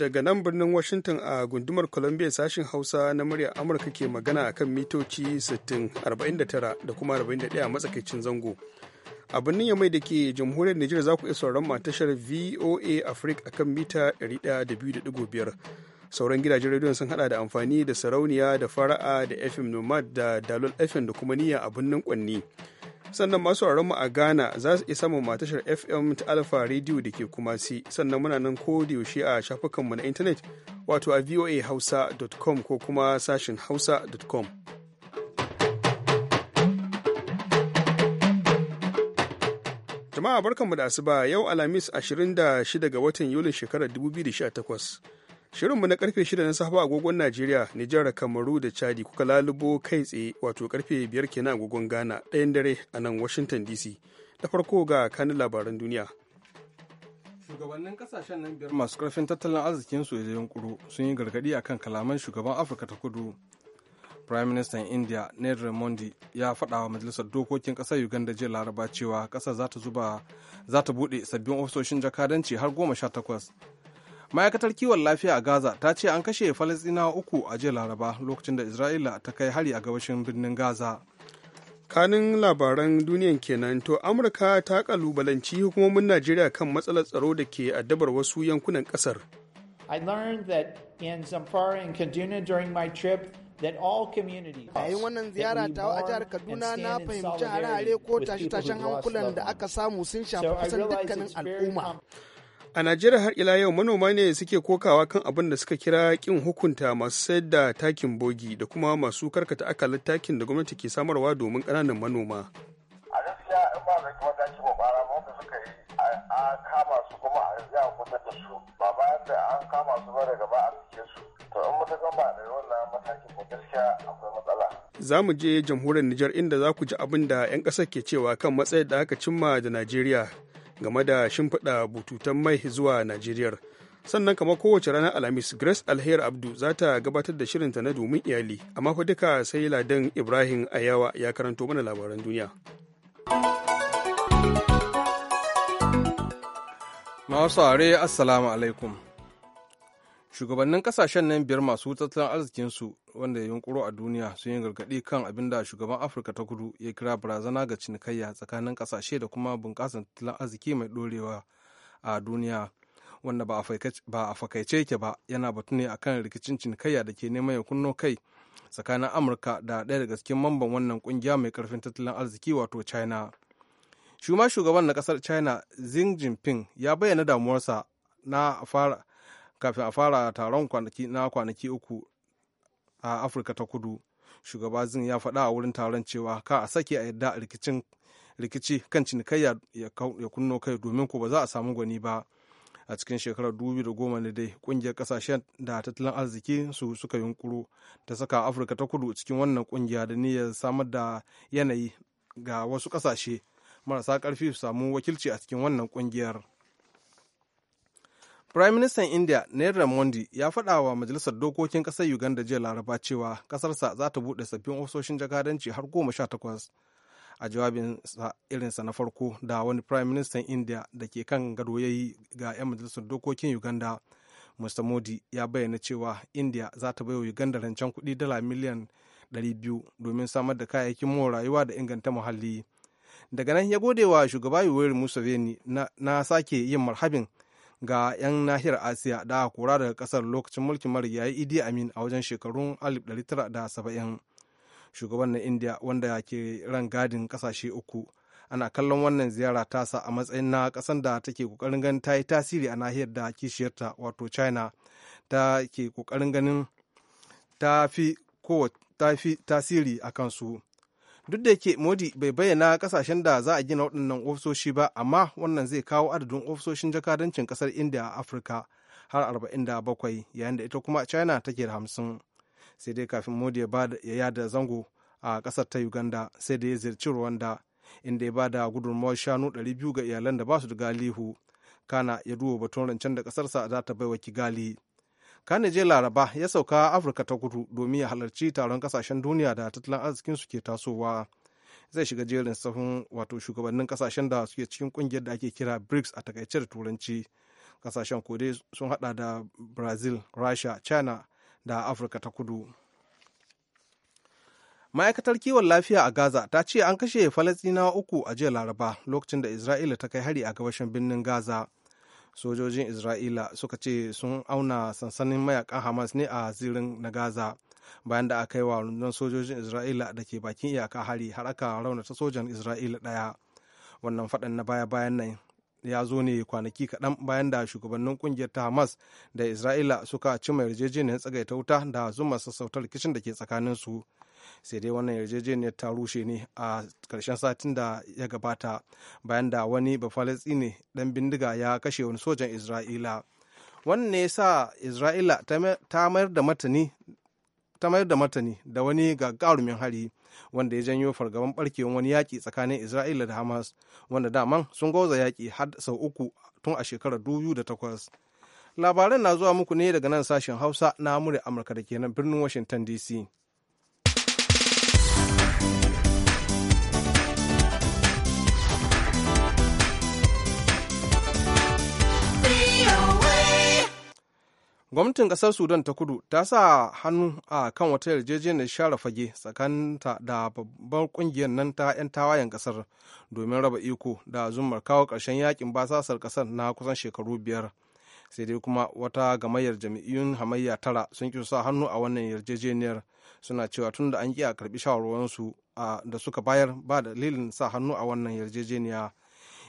daga nan birnin Washington a gundumar Columbia sashen Hausa na muryar Amurka ke magana akan mitoci 60, 49 da kuma 41 a matsakaicin zango. A birnin Yamai da ke jamhuriyar Nijar za ku iya sauran tashar VOA Africa akan mita 102.5. Sauran gidajen rediyon sun hada da amfani da sarauniya da fara'a da FM Nomad da Dalol FM da kuma niyya a birnin Kwanni. sannan masu mu a ghana za su iya samun matashar fm ta alfa rediyo da ke kuma si sannan muna nan ko da yaushe a shafukanmu na intanet wato a voahausa.com ko kuma sashin hausa.com jama'a barkanmu da asuba yau alhamis 26 ga watan yulin shekarar 2018 Shirinmu na karfe 6 na safa agogon Najeriya, Nijar, Kamaru da Chadi kuka lalubo kai tsaye wato karfe 5 kenan agogon Ghana ɗayan dare a nan Washington DC. Da farko ga kanin labaran duniya. Shugabannin kasashen nan biyar masu karfin tattalin arzikin su da yunkuru sun yi gargaɗi akan kalaman shugaban Afirka ta Kudu. Prime Minister India Narendra Modi ya faɗa wa majalisar dokokin ƙasar Uganda jiya Laraba cewa ƙasar za ta zuba za ta buɗe sabbin ofisoshin jakadanci har goma sha takwas ma'aikatar kiwon lafiya a gaza ta ce an kashe falastinawa uku a jiya laraba lokacin da isra'ila ta kai hari a gabashin birnin gaza kanin labaran duniyan kenan to amurka ta kalubalanci hukumomin najeriya kan matsalar tsaro da ke addabar wasu yankunan kasar i learned that in zamfara and kaduna during my trip yayin wannan ziyara ta a jihar kaduna na fahimci hare-hare ko tashe-tashen hankulan da aka samu sun shafi kusan dukkanin al'umma A Najeriya har ila yau manoma ne suke kokawa kan abin da suka kira kin hukunta masu sayar da takin bogi da kuma masu karkata akalin takin da gwamnati ke samarwa domin ƙananan manoma. matsala. Za mu je jamhuriyar Nijar inda za ku ji abin da 'yan ƙasar ke cewa kan matsayar da aka cimma da Najeriya. game da shimfiɗa bututun mai zuwa Najeriya. Sannan kamar kowace ranar Alhamis, Grace alheri Abdu za ta gabatar da shirinta na domin iyali, amma fa duka sai Ladan Ibrahim Ayawa ya karanto mana labaran duniya. Masu Assalamu alaikum. shugabannin kasashen nan biyar masu tattalin arzikinsu wanda ya yunkuro a duniya sun yi gargaɗi kan abin da shugaban afirka ta kudu ya kira barazana ga cinikayya tsakanin kasashe da kuma bunƙasar tattalin arziki mai dorewa a duniya wanda ba a fakaice yake ba yana batu ne akan rikicin cinikayya da ke neman ya kunno kai tsakanin amurka da ɗaya daga cikin mamban wannan kungiya mai karfin tattalin arziki wato china shuma shugaban na kasar china xi jinping ya bayyana damuwarsa na fara kafin a fara taron kwanaki na kwanaki uku a afirka ta kudu shugaba zin ya faɗa a wurin taron cewa ka a sake a yadda rikicin rikici kan cinikayya ya kunno kai domin ko ba za a samu gwani ba a cikin shekarar dubu da goma ne dai kungiyar kasashen da tattalin arziki su suka yunkuru ta saka afirka ta kudu cikin wannan kungiya da niyyar samar da yanayi ga wasu kasashe marasa karfi su samu wakilci a cikin wannan kungiyar. Prime Minister India Narendra Modi ya faɗa wa Majalisar Dokokin Ƙasar Uganda jiya Laraba cewa ƙasarsa za ta buɗe sabbin ofisoshin jakadanci har goma sha takwas. A jawabinsa irinsa na farko da wani Prime Minister India da ke kan gado ya yi ga 'yan Majalisar Dokokin Uganda. Mr. Modi ya bayyana cewa India za ta wa Uganda rancen kuɗi dala miliyan 200 domin samar da kayayyakin more rayuwa da inganta muhalli. Daga nan ya gode wa shugaba Yoweri Museveni na, na sake yin marhabin ga 'yan nahiyar asiya da aka kora daga kasar lokacin mulkin marigayi idi amin a wajen shekarun 1970 shugaban na india wanda ke ran gadin kasashe uku ana kallon wannan ziyara tasa a matsayin na kasan da take kokarin ganin ta yi tasiri a nahiyar da kishiyarta wato china ta ke kokarin ganin ta fi tasiri a kansu duk da yake modi bai bayyana kasashen da za a gina waɗannan ofisoshi ba amma wannan zai kawo adadin ofisoshin jakadancin ƙasar india a afirka har 47 yayin da ita kuma china take da 50 sai dai kafin modi ya yada zango a ƙasar ta uganda sai da ya ziyarci rwanda inda ya bada gudunmawar shanu 200 ga iyalan da ba su da galihu kana ya duba batun rancen da ƙasarsa za ta baiwa kigali kane je laraba ya sauka afirka ta kudu domin ya halarci taron kasashen duniya da tattalin arzikin suke ke tasowa zai shiga jerin sahun wato shugabannin kasashen da suke cikin kungiyar da ake kira brics a takaice da turanci kasashen kode sun hada da brazil russia china da afirka ta kudu ma'aikatar kiwon lafiya a gaza ta ce an kashe falastinawa uku a jiya laraba lokacin da isra'ila ta kai hari a gabashin birnin gaza sojojin isra'ila suka ce sun auna sansanin mayakan hamas ne a zirin na gaza bayan da aka yi wa rundunar sojojin isra'ila da ke bakin iyaka hari har aka raunata sojan isra'ila daya wannan faɗan na baya-bayan nan ya zo ne kwanaki kaɗan bayan da shugabannin ƙungiyar ta hamas da isra'ila suka cima yarjejeniyar tsagaita wuta da zuma sassautar rikicin da ke tsakanin su sai dai wannan yarjejeniyar ta rushe ne a ƙarshen satin da ya gabata bayan da wani ne ɗan bindiga ya kashe wani sojan isra'ila wannan ne sa isra'ila ta mayar da matani da wani gagarumin hari wanda ya janyo fargaban barkewar wani yaƙi tsakanin isra'ila da hamas wanda daman sun goza yaƙi har sau uku tun a shekarar 2008 labaran na zuwa muku ne daga nan sashen hausa na amurka da kenan birnin washington dc gwamnatin kasar sudan ta kudu ta sa hannu a kan wata yarjejeniyar share fage tsakanta da babbar kungiyar nan ta 'yan tawayen kasar domin raba iko da zumar kawo karshen yakin basasar kasar na kusan shekaru biyar sai dai kuma wata gamayyar jami'in hamayya tara sun ki sa hannu a wannan yarjejeniyar suna cewa tun da an ki a karɓi shawarwarinsu da suka bayar ba dalilin sa hannu a wannan yarjejeniyar.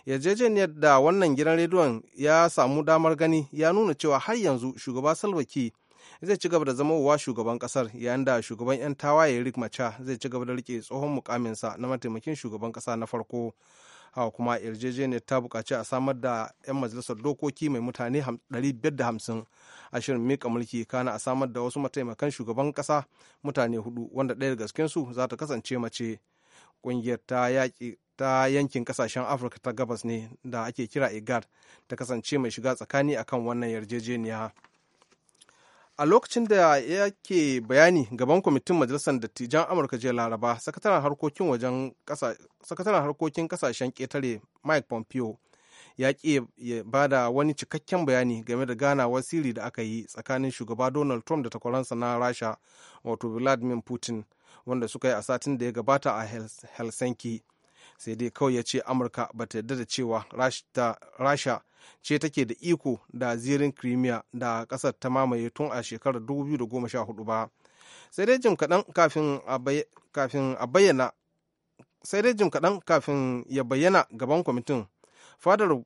yarjejeniyar da wannan gidan rediyon ya samu damar gani ya nuna cewa har yanzu shugaba salwaki zai ci gaba da zamowa shugaban kasar yayin da shugaban 'yan tawaye rick macha zai ci gaba da rike tsohon mukaminsa na mataimakin shugaban kasa na farko hawa kuma yarjejeniyar ta bukaci a samar da 'yan majalisar dokoki mai mutane 550 a shirin mika mulki kana a samar da wasu mataimakan shugaban kasa mutane hudu wanda ɗaya daga cikinsu za ta kasance mace ƙungiyar ta yaƙi ta yankin kasashen afirka ta gabas ne da ake kira igad ta kasance mai shiga tsakani akan wannan yarjejeniya a lokacin da yake bayani gaban kwamitin majalisar dattijan amurka jiya laraba sakataren harkokin kasashen ketare mike pompeo ya ƙi ba da wani cikakken bayani game da ganawar sirri da aka yi tsakanin shugaba donald trump da takwaransa na rasha wato vladimir putin wanda suka yi a satin da ya gabata a helsinki sai dai kawai ya ce amurka ba ta yarda da cewa rasha ce take da iko da zirin crimea da kasar ta mamaye tun a shekarar 2014 ba sai dai jim kaɗan kafin a bayyana sai dai jim kaɗan kafin ya bayyana gaban kwamitin fadar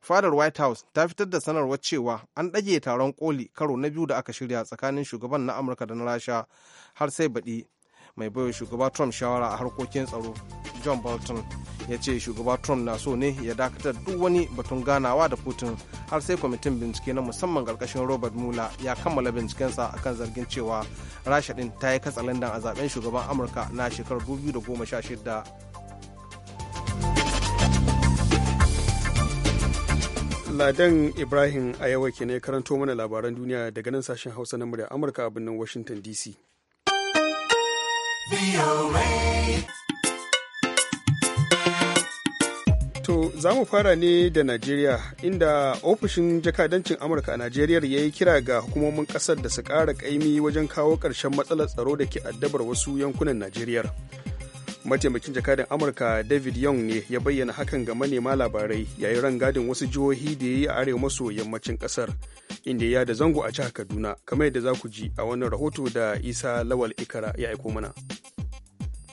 fadar white house ta fitar da sanarwar cewa an ɗage taron koli karo na biyu da aka shirya tsakanin shugaban na amurka da na rasha har sai baɗi mai baiwa shugaba trump shawara a harkokin tsaro john bolton ya ce shugaba trump na so ne ya dakatar duk wani batun ganawa da putin har sai kwamitin bincike na musamman karkashin robert mueller ya kammala bincikensa akan zargin cewa rasha din ta yi katsalandan a zaben shugaban amurka na shekarar 2016 Ladan Ibrahim a ke ne karanto mana labaran duniya daga nan sashen Hausa na murya Amurka a birnin Washington DC. To za mu fara ne da Najeriya inda ofishin jakadancin Amurka a Najeriya ya yi kira ga hukumomin ƙasar da su ƙara ƙaimi wajen kawo ƙarshen matsalar tsaro da ke addabar wasu yankunan Najeriya. mataimakin jakadan amurka david young ne ya bayyana hakan ga manema labarai yayin rangadin wasu jihohi da ya yi a arewa maso yammacin kasar inda ya da zango a jihar kaduna kamar yadda za ku ji a wannan rahoto da isa lawal ikara ya aiko mana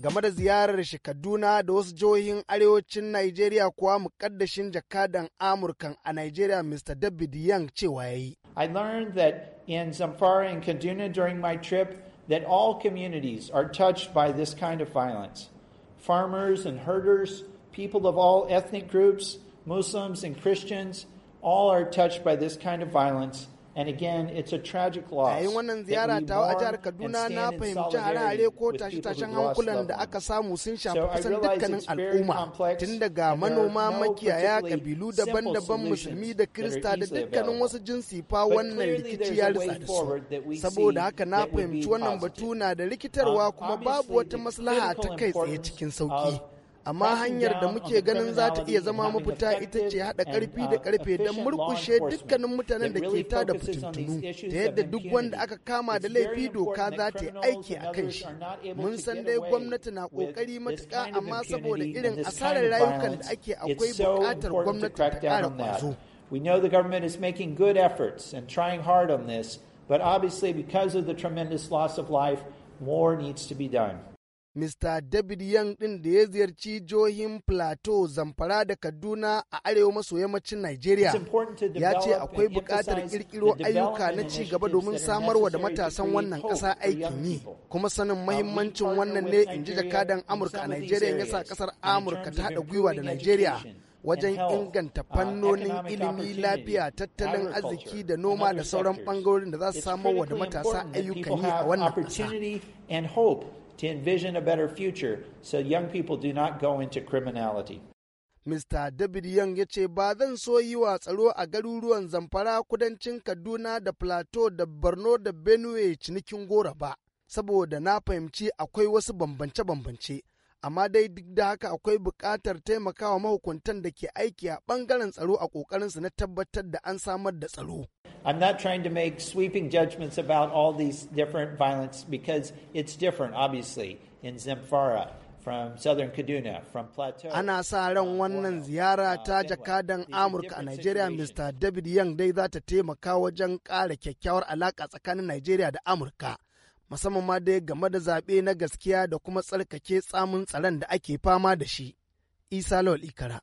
game da ziyarar shi kaduna da wasu jihohin arewacin nigeria kuwa mukaddashin jakadan amurka a nigeria mr david young cewa ya i learned that in zamfara and kaduna during my trip that all communities are touched by this kind of violence farmers and herders, people of all ethnic groups, Muslims and Christians, all are touched by this kind of violence A yin wannan ziyara ta a jihar Kaduna na fahimci hare-hare ko tashe-tashen hankulan da aka samu sun shafi kusan dukkanin al'umma tun daga manoma makiyaya kabilu daban-daban musulmi da kirista da dukkanin wasu jinsi fa wannan rikici ya da su. Saboda haka na fahimci wannan batu na da rikitarwa um, kuma babu wata maslaha ta kai tsaye cikin sauki. amma hanyar da muke ganin za ta iya zama mafita ita ce haɗa ƙarfi da uh, ƙarfe don murƙushe dukkanin mutanen da ke tada fitintunu ta yadda duk wanda aka kama da laifi doka za ta yi aiki a kan shi mun san dai gwamnati na ƙoƙari matuƙa amma saboda irin asarar rayukan da ake akwai buƙatar gwamnati ta ƙara ƙwazo. We know the government is making good efforts and trying hard on this, but obviously, because of the tremendous loss of life, more needs to be done. mista David Young ɗin da ya ziyarci jihohin Plateau, Zamfara da Kaduna a arewa maso yammacin Nigeria. Ya ce akwai buƙatar ƙirƙiro ayyuka na ci gaba domin samarwa da matasan wannan ƙasa aikin yi. Kuma sanin uh, mahimmancin wannan ne in ji jakadan Amurka a Nigeria ya sa ƙasar Amurka ta haɗa gwiwa da Nigeria. wajen inganta uh, fannonin ilimi lafiya tattalin arziki da noma da sauran bangarorin da za su samar wa da matasa ayyukan yi a wannan ƙasa. to envision a better future so young people do not go into criminality. Mr. David Young ya ce ba zan so yi wa tsaro a garuruwan Zamfara kudancin Kaduna da Plateau da Borno da Benue cinikin gora ba, saboda na fahimci akwai wasu bambance-bambance. Amma dai duk da haka akwai buƙatar taimakawa mahukuntan da ke aiki a ɓangaren tsaro a ƙoƙarinsu na tabbatar da an samar da tsaro. I'm not trying to make sweeping judgments about all these different violence because it's different, obviously, in Zamfara. From southern Kaduna, Ana sa ran wannan ziyara ah, ta jakadan Amurka a Najeriya Mr. David Young dai za ta taimaka wajen ƙara kyakkyawar alaƙa tsakanin Najeriya da Amurka. musamman ma dai game da zaɓe na gaskiya da kuma tsarkake tsamun tsaron da ake fama da shi. Isa Lawal Ikara,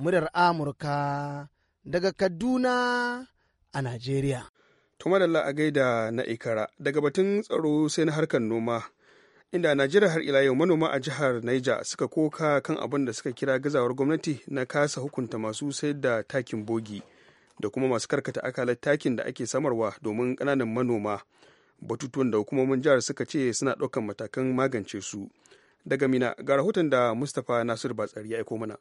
murar Amurka, daga Kaduna a Najeriya. Tumadalla a gaida na Ikara daga batun tsaro sai na harkar noma. Inda Najeriya har ila yau manoma a jihar Niger suka koka kan abin da suka kira gazawar gwamnati na kasa hukunta masu sayar da takin bogi da kuma masu karkata akalar takin da ake samarwa domin kananan manoma. Batutuwan da hukumomin jihar suka ce suna ɗaukan matakan magance su. Daga Mina ga rahoton da Mustapha Nasir Batsari ya aiko mana.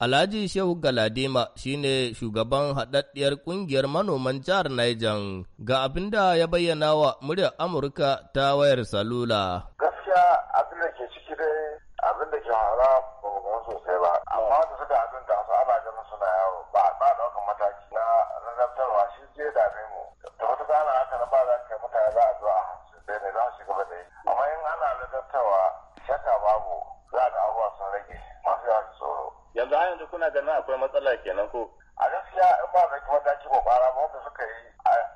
Alhaji Shehu Galadima shine shugaban haɗaɗɗiyar ƙungiyar manoman jihar Niger ga abin da ya bayyana wa muryar Amurka ta wayar salula. Gaskiya abin da ke ciki dai abin da ke hara ba sosai ba, amma da suka abin da su ana ganin suna yawo ba a ba ɗaukan mataki na rarrabtarwa shi zai dame mu. Da wata gana haka na ba za ka mutane za a zo a hamsin ɗaya ne za su shiga ba dai. Amma in ana rarrabtarwa shaka babu za a ga abubuwa sun rage masu yawa yanzu har yanzu kuna ganin akwai matsala kenan ko a gaskiya in ba zai kuma daki ba bara ba wanda suka yi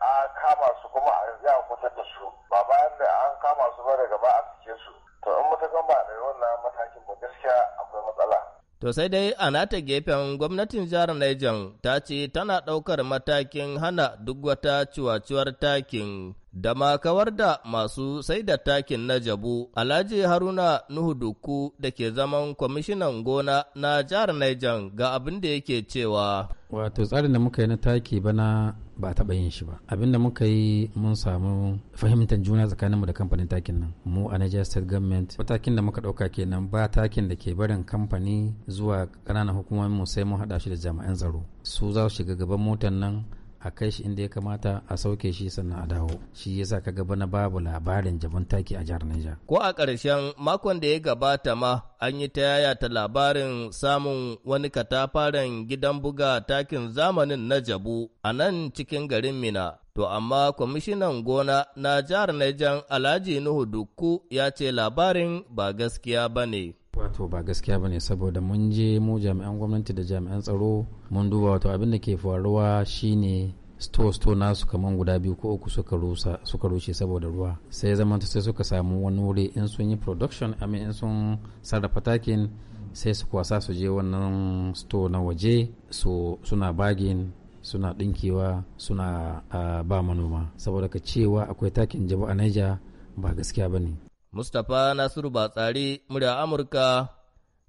a kama su kuma a yanzu a kusa da su ba bayan da an kama su ba daga ba a cike su to in matakan ba da wannan matakin ba gaskiya akwai matsala. To sai dai a nata gefen gwamnatin jihar Niger ta ce tana ɗaukar matakin hana duk wata ciwaciwar takin da makawar da masu sai da takin na jabu alhaji haruna nuhu duku da ke zaman kwamishinan gona na jihar Niger ga abin da yake cewa wato tsarin da muka yi na taki bana ba taɓa yin shi ba abin da muka yi mun samu fahimtar juna tsakaninmu da kamfanin takin nan mu a Niger State Government matakin da muka ɗauka kenan ba takin da ke barin kamfani zuwa ƙananan hukumomin mu sai mun haɗa shi da jami'an tsaro su za su shiga gaban motar nan a kai shi inda ya kamata a sauke shi sannan a dawo shi yasa ka gaba na babu labarin jabin taki a jihar Niger ko a ƙarshen makon da ya gabata ma an yi ta yaya ta labarin samun wani katafaren gidan buga takin zamanin na jabu a nan cikin garin Mina To amma kwamishinan gona na jihar Niger Alhaji Nuhu Dukku ya ce labarin ba gaskiya bane wato ba gaskiya bane saboda mun je mu jami'an gwamnati da jami'an tsaro mun duba wato abin da ke faruwa shine sto-sto nasu kaman guda biyu ko uku suka rusa suka rushe saboda ruwa sai zaman sai suka samu wani wuri in sun yi production amma in sun sarrafa takin sai su kwasa su je wannan sto na waje su suna bagin suna dinkewa suna ah, ba manoma saboda ka cewa akwai takin jabu a Niger ba gaskiya bane Mustapha Nasiru Batsari, murya Amurka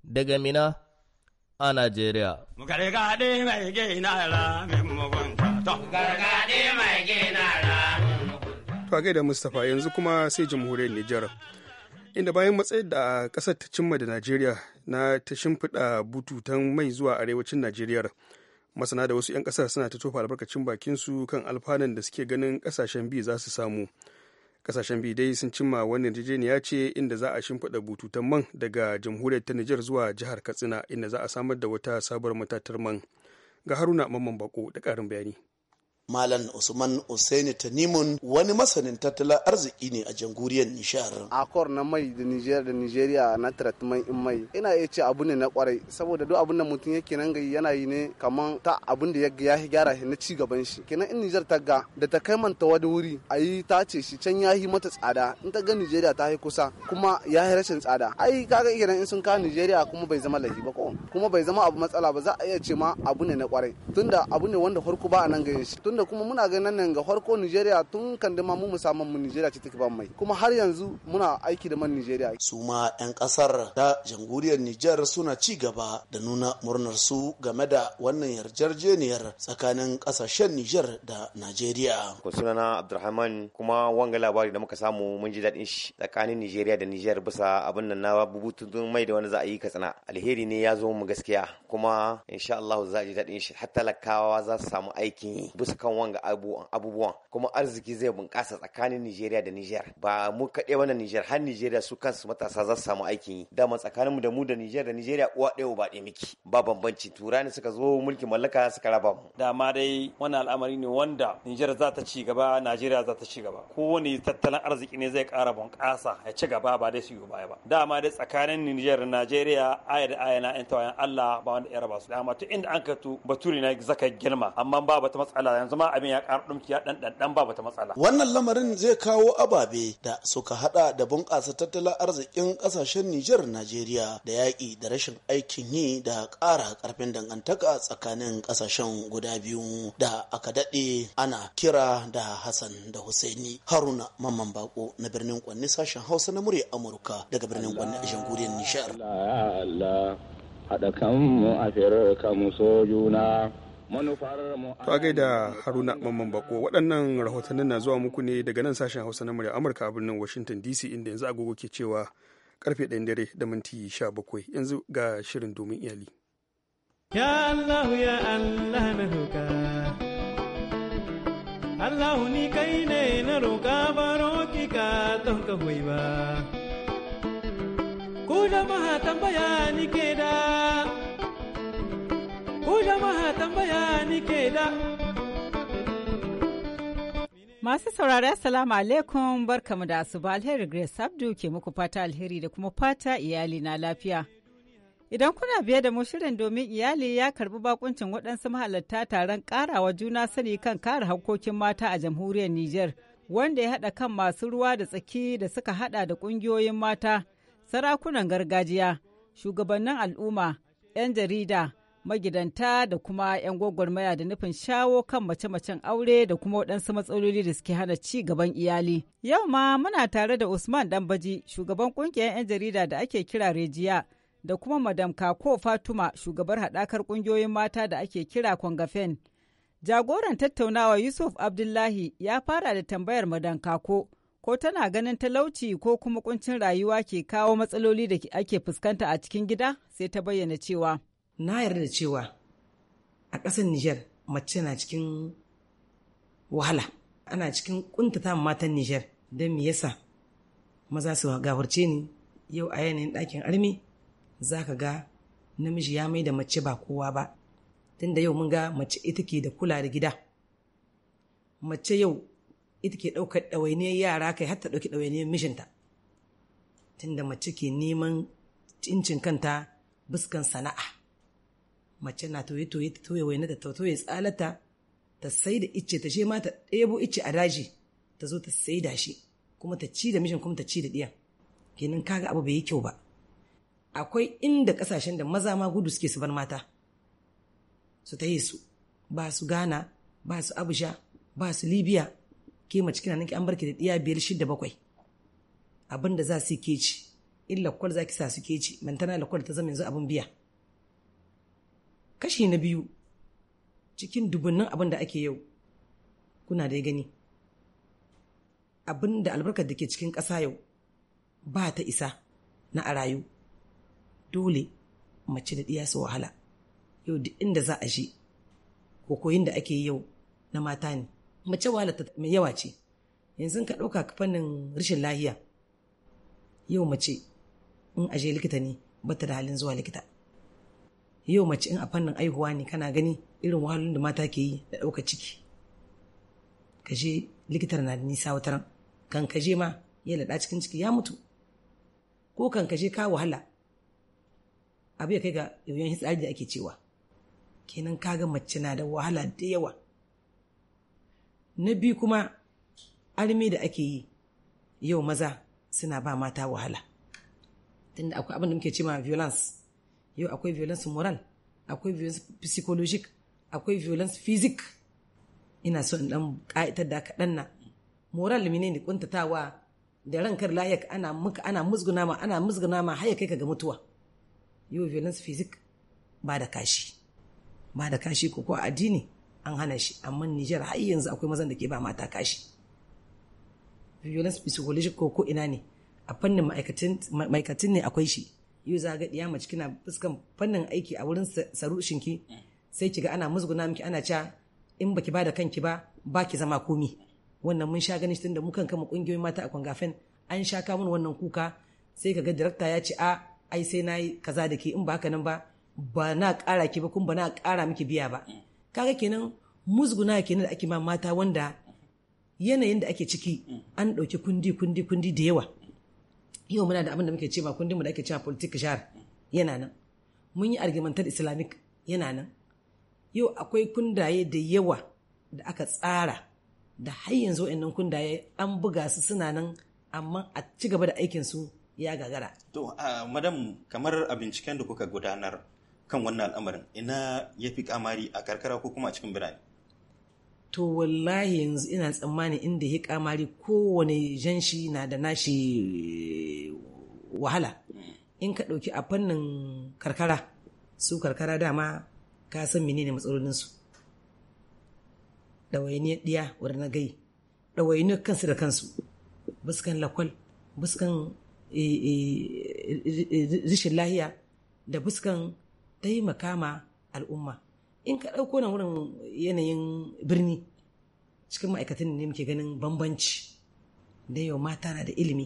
daga Mina a Najeriya. Tuwa mai gina gaida Mustapha yanzu kuma sai jamhuriyar Nijar. Inda bayan matsayar da ƙasar ta cimma da Najeriya na ta shimfiɗa bututan mai zuwa arewacin Najeriya. Masana da wasu 'yan ƙasar suna ta tofa albarkacin bakinsu kan alfanun da suke ganin ƙasashen biyu za su samu. kasashen biyu dai sun cimma wannan yarjejeniya ce inda za a shimfiɗa bututun man daga jamhuriyar ta Nijar zuwa jihar Katsina inda za a samar da wata sabuwar matatar man ga Haruna Mamman Bako da ƙarin bayani. Malam Usman Usaini Tanimun wani masanin tattalin arziki ne a jamhuriyar Nishar. Akor na mai da Nijar da Nijeriya na tratman in mai. Ina iya ce abu ne na kwarai saboda duk abin da mutum yake nan gai yana yi ne kaman ta abin da ya ya gyara shi na ci gaban shi. Kenan in Nijar ta ga da ta kai manta wani wuri ayi ta ce shi can ya yi mata tsada in ta ga Nijeriya ta yi kusa kuma ya yi rashin tsada. Ai kaga kenan in sun kawo Nijeriya kuma bai zama lahi ba kuma bai zama abu matsala ba za a iya ce ma abu ne na kwarai tunda abu ne wanda farko ba a nan gai shi. tunda kuma muna ganin nan ga farko Nigeria tun kan da mu musamman mu Nigeria ce take ba mai kuma har yanzu muna aiki da man Nigeria su ma 'yan kasar ta jamhuriyar Nijar suna ci gaba da nuna murnar su game da wannan yarjejeniyar tsakanin kasashen Nijar da Najeriya. Ko sunana Abdulrahman kuma wanga labari da muka samu mun ji daɗin shi tsakanin Nijeriya da Nijar bisa abin nan na bubutun mai da wani za a yi katsina. Alheri ne ya zo mu gaskiya kuma insha Allah za a ji daɗin shi har talakawa za su samu aikin bisa kan wanga abubuwan kuma arziki zai bunƙasa tsakanin Nijeriya da Nijar ba mu kaɗai wannan niger har Nijeriya su kansu matasa za su samu aikin yi dama tsakaninmu da mu da niger da Nijeriya uwa ɗaya ba ɗaya miki ba bambanci turani suka zo mulkin mallaka suka raba mu dama dai wannan al'amari ne wanda Nijar za ta ci gaba nigeria za ta ci gaba kowane tattalin arziki ne zai ƙara bunƙasa ya ci gaba ba dai su yi baya ba dama dai tsakanin niger da nigeria aya da aya na ƴan tawayen Allah ba wanda ya raba su dama to inda an tu baturi na zaka girma amma ba ta matsala yanzu zama abin ya ƙara ɗumki ya ɗan ɗan ba bata matsala. Wannan lamarin zai kawo ababe da suka haɗa da bunƙasa tattalin arzikin ƙasashen Nijar Najeriya da yaƙi da rashin aikin yi da ƙara ƙarfin dangantaka tsakanin ƙasashen guda biyu da aka daɗe ana kira da Hassan da Husaini Haruna Mamman Bako na birnin Kwanne sashen Hausa na murya Amurka daga birnin Kwanne a jamhuriyar Nijar. haɗa kanmu a firar kanmu so juna To a gaida Haruna Mamman Bako waɗannan rahotannin na zuwa muku ne daga nan sashen Hausa na murya Amurka a birnin Washington DC inda yanzu agogo ke cewa karfe ɗayan dare da minti sha bakwai yanzu ga shirin domin iyali. Ya Allah ya Allah na roƙa Allah ni kai ne na roƙa ba roƙi ka don ka ba. Ku ma tambaya ni ke da jama'a tambaya ni ke da. Masu saurari Assalamu alaikum barkamu da ba alheri Grace Abdu ke muku fata alheri da kuma fata iyali na lafiya. Idan kuna biye da mu shirin domin iyali ya karbi bakuncin waɗansu mahalarta taron ƙarawa juna sani kan kare hakkokin mata a jamhuriyar Nijar, wanda ya haɗa kan masu ruwa da tsaki da suka haɗa da ƙungiyoyin mata, sarakunan gargajiya, shugabannin al'umma, 'yan jarida, magidanta da kuma 'yan gwagwarmaya da nufin shawo kan mace-macen aure da kuma waɗansu matsaloli da suke hana ci gaban iyali. Yau ma muna tare da Usman Dambaji, shugaban ƙungiyar 'yan jarida da ake kira Rejiya, da kuma Madam Kako Fatuma, shugabar haɗakar ƙungiyoyin mata da ake kira Kwangafen. Jagoran tattaunawa Yusuf Abdullahi ya fara da tambayar Madam Kako. ko tana ganin talauci ko kuma kuncin rayuwa ke kawo matsaloli da ake fuskanta a cikin gida sai ta bayyana cewa na yarda da cewa a ƙasar Nijar mace na cikin wahala ana cikin ƙuntata matan Nijar don me yasa maza su gafarce ni yau a yanayin ɗakin armi za ka ga namiji ya mai da mace ba kowa ba tunda yau mun ga mace ita ke da kula da gida mace yau ita ke ɗaukar ɗawainiyar yara kai har ɗauki ɗawainiyar mijinta tunda mace ke neman cincin kanta buskan sana'a mace na toye toye ta toye waina ta toye tsalata ta sai da icce ta she ma ta ɗebo icce a daji ta zo ta sai da shi kuma ta ci da mijin kuma ta ci da ɗiyan kenan kaga abu bai yi kyau ba akwai inda kasashen da maza ma gudu suke su bar mata su ta yi su ba su ghana ba su abuja ba su libya ke mace kina nan ki an barki da ɗiya biyar shida bakwai abinda da za su ke ci in lakwal za ki sa su ke ci mantana lakwal ta zama yanzu abin biya kashi na biyu cikin dubunnan abin da ake yau kuna da gani abin da albarkar da ke cikin ƙasa yau ba ta isa na a rayu dole mace da ɗiya su wahala yau duk inda za a shi ko koyin da ake yau na mata ne mace wahala mai yawa ce yanzu ka ɗauka ka fannin rashin lahiya yau mace in aje likita ne bata da halin zuwa likita yau mace in a fannin aihuwa ne kana gani irin wahalun da mata ke yi da ɗauka ciki ka likitar na da nisa wataran kan ka ma ya laɗa cikin ciki ya mutu ko kan ka je ka wahala abu ya kai ga yoyon hitsari da ake cewa kenan ka ga mace na da wahala da yawa na biyu kuma armi da ake yi yau maza suna ba mata wahala tunda akwai abin da muke cewa violence yau akwai violence moral akwai violence psychologic akwai violence physic ina so in dan ka'itar da kaɗan na moral mine ne kuntatawa da rankar layak ana muka ana musguna ma ana musguna ma har kai ka ga mutuwa yau violence physic ba da kashi ba da kashi ko ko addini an hana shi amma Nijar har yanzu akwai mazan da ke ba mata kashi violence psychological ko ina ne a fannin ma'aikatan ne akwai shi yau za ga ɗiya mace kina fuskan fannin aiki a wurin sarushinki sai kiga ana musguna miki ana ca in baki ba da kanki ba ba ki zama komi wannan mun sha ganin tunda mukan kama kungiyoyin mata a kwangafen an sha kamun wannan kuka sai kaga direkta ya ce a ai sai na yi kaza da ke in ba ka nan ba ba na ƙara ki ba kuma ba na ƙara miki biya ba kaga kenan musguna kenan da ake ma mata wanda yanayin da ake ciki an ɗauki kundi kundi kundi da yawa yau muna da abin da muke cewa kundin mu da ake cewa politik shar yana nan mun yi argumentar islamic yana nan yau akwai kundaye da yawa da aka tsara da har yanzu wa'annan kundaye an buga su suna nan amma a ci gaba da aikin su ya gagara to madam kamar a binciken da kuka gudanar kan wannan al'amarin ina ya fi kamari a karkara ko kuma a cikin birane to wallahi yanzu ina tsammani inda ya kamari kowane janshi na da nashi wahala in ka ɗauki a fannin karkara su karkara dama ka san menene matsalolinsu ɗawainiyar ɗiya wadda na gai ɗawainiyar kansu da kansu buskan lakwal buskan eh, eh, eh, rishin lahiya da buskan taimaka ma al'umma in ka ɗauko na wurin yanayin birni cikin ma'aikatan ne muke ganin bambanci da yau mata na da ilimi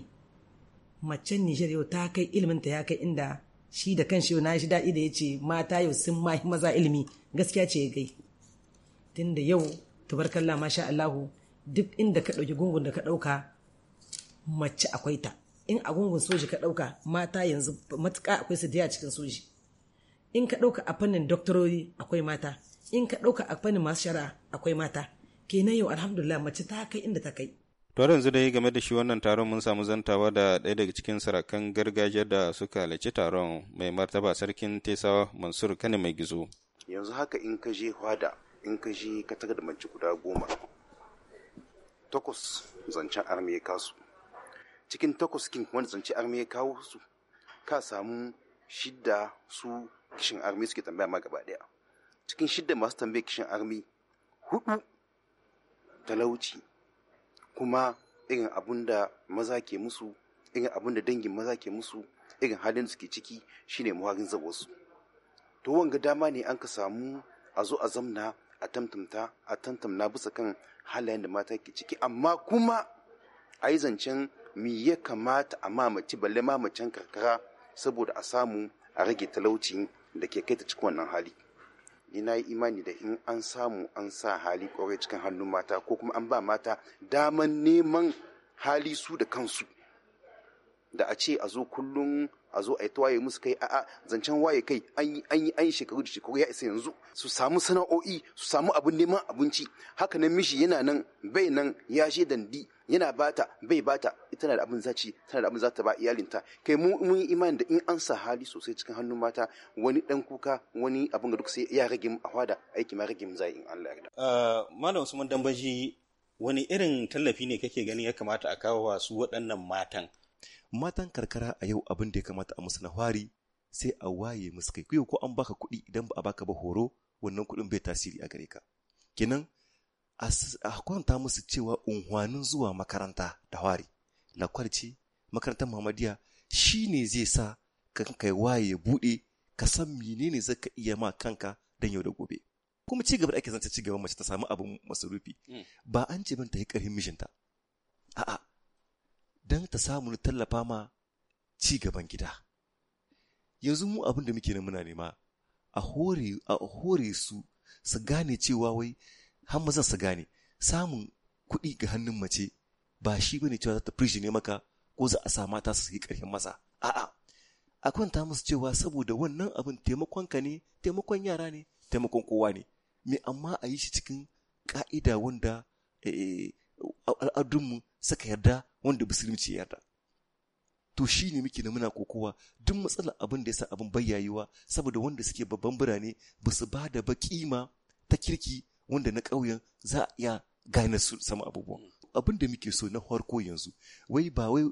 macen nijar yau ta kai iliminta ya kai inda shi da kan yau na shi daɗi da ya ce mata yau sun mahi maza ilimi gaskiya ce ya gai tunda yau tubarkalla masha Allahu duk inda ka ɗauki gungun da ka ɗauka mace akwai ta in a gungun soji ka ɗauka mata yanzu matuƙa akwai su daya cikin soji in ka ɗauka a fannin doktorori akwai mata in ka ɗauka a fannin masu shara akwai mata kenan yau alhamdulillah mace ta kai inda ta kai to yanzu dai game da shi wannan taron mun samu zantawa da ɗaya daga cikin sarakan gargajiya da suka halarci taron mai martaba sarkin tesawa mansur kane mai gizo yanzu haka in ka je hwada in ka je ka taga da mace guda goma takwas zancen arme ya kasu cikin takwas kin wani zancen arme ya kawo su ka samu shidda su kishin armi suke tambaya ma gaba daya cikin shidda masu tambaya kishin armi hudu talauci kuma irin abun da maza ke musu irin abun da dangin maza ke musu irin halin da suke ciki shine muharin su to wanga dama ne an ka samu a zo a zamna a tamtamta a tamtamna bisa kan halayen da mata ke ciki amma kuma a yi zancen me ya kamata a mamaci balle mamacin karkara saboda a samu a rage talaucin da ke kai ta cikin wannan hali ni na yi imani da in an samu an sa hali kwarai cikin hannun mata ko kuma an ba mata daman neman hali su da kansu da a ce a zo kullum a zo a yi tawaye musu kai a'a zancen waye kai an yi an yi an shekaru da shekaru ya isa yanzu su samu sana'o'i su samu abin neman abinci haka nan mishi yana nan bai nan ya je dandi yana bata bai bata tana da abin zaci tana da abin zata ba iyalinta kai mu mun imani da in an sa hali sosai cikin hannun mata wani dan kuka wani abin da duk sai ya rage mu a hwada aiki ma rage mu zai in Allah ya yarda ah, malam Usman Dambaji wani irin tallafi ne kake gani ya kamata a kawo wa su waɗannan matan matan karkara a yau abin da ya kamata a musu na sai a waye musu kai ko an baka kuɗi idan ba a baka ba horo wannan kuɗin bai tasiri a gare ka kenan a kwanta musu cewa unhwanin zuwa makaranta da wari kwarci makarantar muhammadiya shi ne zai sa kankai waye ya buɗe ka san menene zaka iya ma kanka don yau da gobe kuma ci gaba da ake zanta ci gaba mace ta samu abin masarufi hmm. ba an ce ban ta yi ƙarfin mijinta a'a dan ta samu ni tallafa ma ci gaban gida yanzu mu abin da muke muna nema a a hore su su gane cewa wai har mazan su gane samun kuɗi ga hannun mace ba shi ba ne cewa za ta firji ne maka ko za a sa mata su yi ƙarfin masa a'a a kwanta musu cewa saboda wannan abin taimakon ka ne taimakon yara ne taimakon kowa ne me amma a yi shi cikin ka'ida wanda eh, eh, al'adunmu suka yarda wanda musulunci yarda to shi ne muke na muna kokowa duk matsalar abin da ya yasa abin bayyayewa saboda wanda suke babban birane ba su ba da ba kima ta kirki wanda na ƙauyen za a iya gane su sama abubuwan abin da muke so na farko yanzu wai ba wai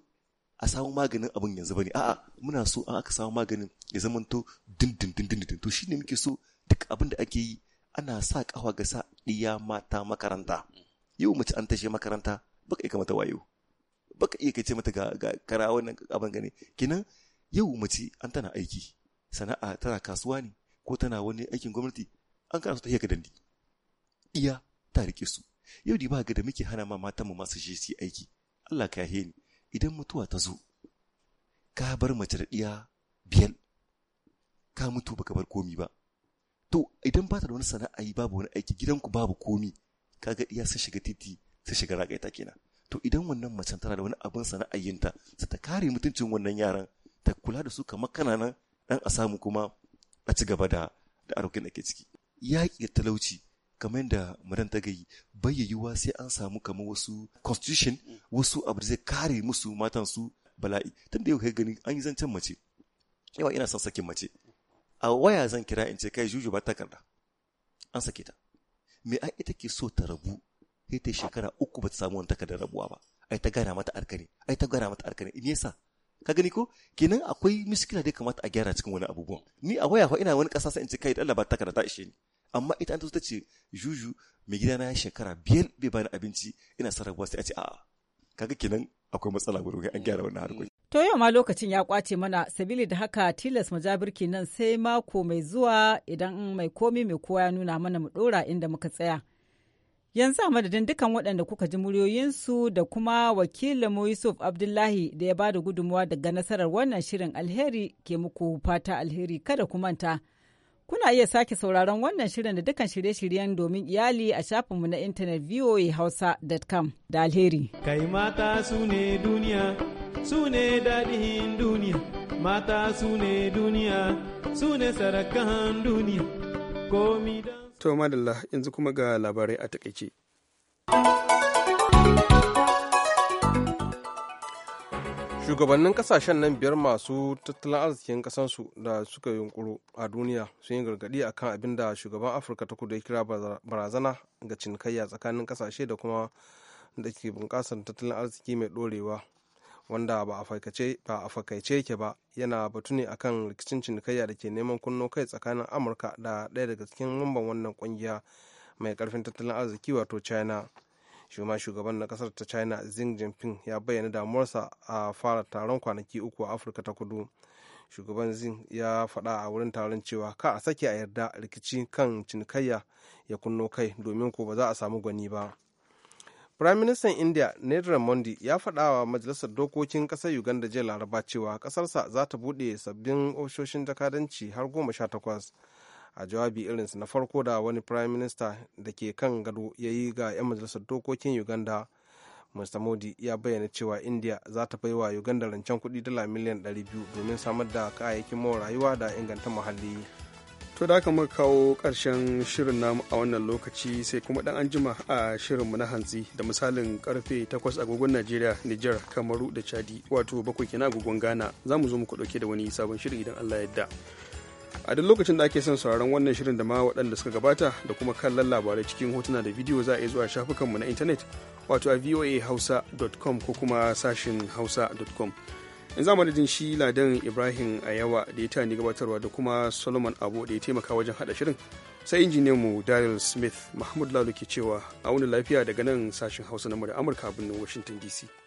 a samu maganin abin yanzu ba ne a'a muna so an aka samu maganin ya zama to dindindindindindin to shine muke so duk abin da ake yi ana sa kawa ga sa ɗiya mata makaranta yau mace an tashi makaranta baka iya mata wayo baka iya kace mata ga kara wannan abin gani. kenan yau mace an tana aiki sana'a tana kasuwa ne ko tana wani aikin gwamnati an kana so ta iya ka dandi iya ta rike su yau di ba ga da muke hana ma matanmu masu je su aiki Allah ka yahe ni idan mutuwa ta zo ka bar mace da iya biyan ka mutu baka bar komi ba to idan ba ta da wani sana'a yi babu wani aiki gidan ku babu komi kaga iya sun shiga titi sun shiga ragaita kenan to idan wannan macen tana da wani abin sana'a yin ta, sai ta kare mutuncin wannan yaran ta kula da su kamar kananan dan a samu kuma a ci gaba da da arokin da ke ciki yaƙi da talauci kamar yadda madan ta gayi bayyayuwa sai an samu kamar wasu constitution wasu abu da zai kare musu matan su bala'i tun da yau kai gani an yi zancen mace yawa ina son sakin mace a waya zan kira in ce kai juju ba takarda an sake ta me ai ita ke so ta rabu sai ta shekara uku ba ta samu wani takardar rabuwa ba ai ta gana mata arkane ai ta gana mata arkane in yasa ka gani ko kenan akwai miskila da kamata a gyara cikin wani abubuwan ni a waya fa ina wani kasa sai in ce kai Allah ba takarda ta ishe ni amma ita an ta ce juju mai gida na shekara biyar bai bani abinci ina sarrafa sai a ce a'a kaga kenan akwai matsala gudu an gyara wannan harkoki. To yau ma lokacin ya kwace mana sabili da haka tilas maja jabirki nan sai mako mai zuwa idan mai komi mai kowa ya nuna mana mu dora inda muka tsaya. Yanzu a madadin dukkan waɗanda kuka ji muryoyinsu da kuma wakilinmu Yusuf Abdullahi da ya bada gudunmuwa daga nasarar wannan shirin alheri ke muku fata alheri kada ku manta. Kuna iya sake sauraron wannan shirin da dukkan shirye-shiryen domin iyali a shafinmu na intanet voahausa.com da alheri. Kai mata su ne duniya, su ne daɗin duniya, mata su ne duniya, su ne sarakan duniya, komi da... To madalla yanzu kuma ga labarai a takaice. shugabannin kasashen nan biyar masu tattalin arzikin kasansu da suka yunkuru a duniya sun yi gargadi a kan abin da shugaban afirka ta kudu ya kira barazana ga cinikayya tsakanin kasashe da kuma da ke bunƙasar tattalin arziki mai dorewa wanda ba a fakaice yake ba yana batu ne akan rikicin cinikayya da ke neman kunno kai tsakanin amurka da daya daga cikin mamban wannan ƙungiya mai karfin tattalin arziki wato china shuma shugaban na kasar ta china xi jinping ya bayyana damuwarsa a fara taron kwanaki uku a afirka ta kudu shugaban zin ya faɗa a wurin taron cewa ka a sake a yarda rikici kan cinikayya ya kunno kai domin ko ba za a samu gwani ba prime minister india narendra modi ya faɗa wa majalisar dokokin ƙasar uganda jiya laraba cewa ƙasarsa za ta buɗe sabbin ofishoshin jakadanci har goma sha takwas a jawabi irinsa na farko da wani prime minister da ke kan gado ya yi ga 'yan majalisar dokokin uganda mr modi ya bayyana cewa india za ta bai wa uganda rancen kudi dala miliyan 200 domin samar da kayayyakin mawa rayuwa da inganta muhalli to da muka kawo karshen shirin namu a wannan lokaci sai kuma dan anjima a a shirinmu na hantsi da misalin karfe 8 agogon najeriya niger kamaru da chadi wato bakwai kenan agogon ghana za mu zo muku ɗauke da wani sabon shiri idan allah yadda a duk lokacin da ake son sauraron wannan shirin da ma waɗanda suka gabata da kuma kallon labarai cikin hotuna da bidiyo za a iya zuwa shafukanmu na intanet wato a voahausa.com ko kuma sashin hausa.com in za madadin shi ladan ibrahim ayawa da ya tani gabatarwa da kuma solomon abu da ya taimaka wajen haɗa shirin sai injiniyan mu daniel smith mahmud lalu ke cewa a wani lafiya daga nan sashin hausa na amurka a birnin washington dc